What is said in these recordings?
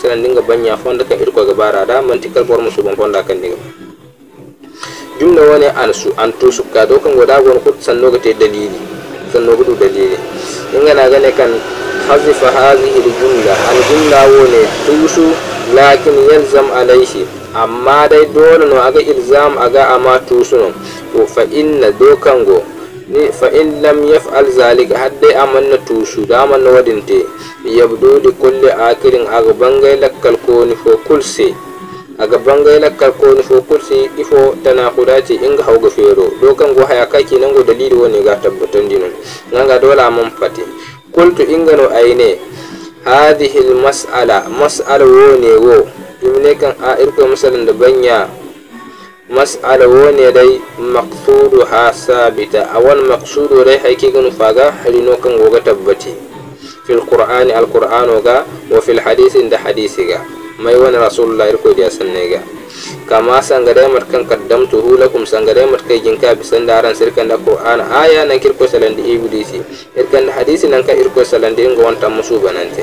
selandinga banya fonda kan irkoga barada mantikal bormo suban fonda kan diga jumla wani an su an to su ka dokan goda gon ku sanno ga te dalili sanno gudu dalili inga na gane kan hazi hazihi jumla al jumla wone tusu lakin yalzam alaihi amma dai dole no aga ilzam aga amma tusu no to fa inna dokan go ni eh, fa in lam yaf'al zalika hadde amanna tushu da amanna wadinte yabdu di kulli akirin aga bangay lakkal ni fo aga bangai lakkal ni fo kulsi ifo tana kudace inga hauga fero dokan go haya kake nan go dalili woni ga tabbatan dinon nan ga dole mun fati kultu inga aine hadhihi al mas'ala mas'ala woni wo imne kan a irko masalan da banya mas'ala wone dai maqsudu ha sabita awan maqsudu dai haqiqan faga halino kan goga tabbati fil qur'ani al qur'ano ga wa fil hadisi da hadisi ga mai wani rasulullahi ko da sanne ga kama sangare mat kaddamtu hu lakum sangare mat kai jinka bisan daran sirkan da qur'ana aya nan kirko da ibudisi irkan da hadisi nan ka irko da ngo wanta musu banante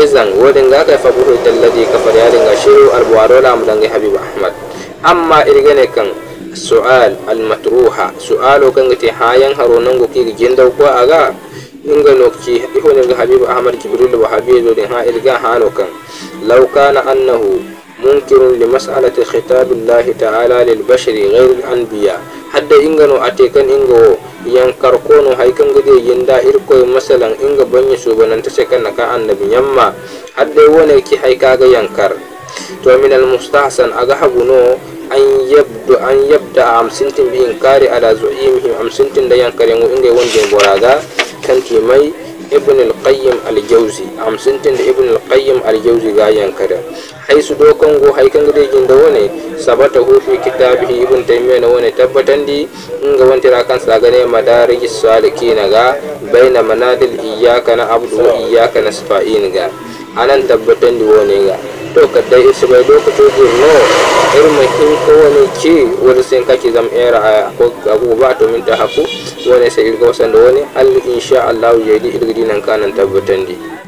izan wodin ga kai buru dalladi kafar yarin ga shiru albuwaro la mu dangai habib ahmad amma irgene kan su'al almatruha su'alo kan gati hayan haro nan go kiri jindau ko aga inga nokci ihone ga habibu ahmad jibril wa habibu din ha irga hano kan law kana annahu munkirun li mas'alati khitabillahi ta'ala lil bashari ghairil anbiya hadda inga no atekan inga wo yankar kono haikan gade yinda irko masalan inga banye shubananta sai kan annabi yamma hadda wone ki haika ga yankar to min almustahsan aga haguno an yabdu an yabda amsintin bi inkari ala zu'imihim amsintin da yankare mu inga wonde boraga kan mai ibn al-qayyim al-jawzi amsintin da ibn al-qayyim al-jawzi ga yankare haisu dokan go haikan gade yin da wone sabata hu fi kitabihi ibn taymiyyah na wone tabbatan di inga wonte ra kan saga ne madarijis na ga baina manadil iyyaka na abdu wa iyyaka nasta'in ga anan tabbatan di wone ga to bai doka lokacin zurno irin in kowane ce wani sai kake zama iya ra'aya ko ba to min ta haku wani sai irga wasan da wani hal insha Allah ya yi irgidi nan kanan tabbatan di